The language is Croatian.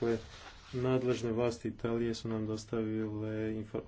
Dakle, nadležne vlasti Italije su nam dostavile informacije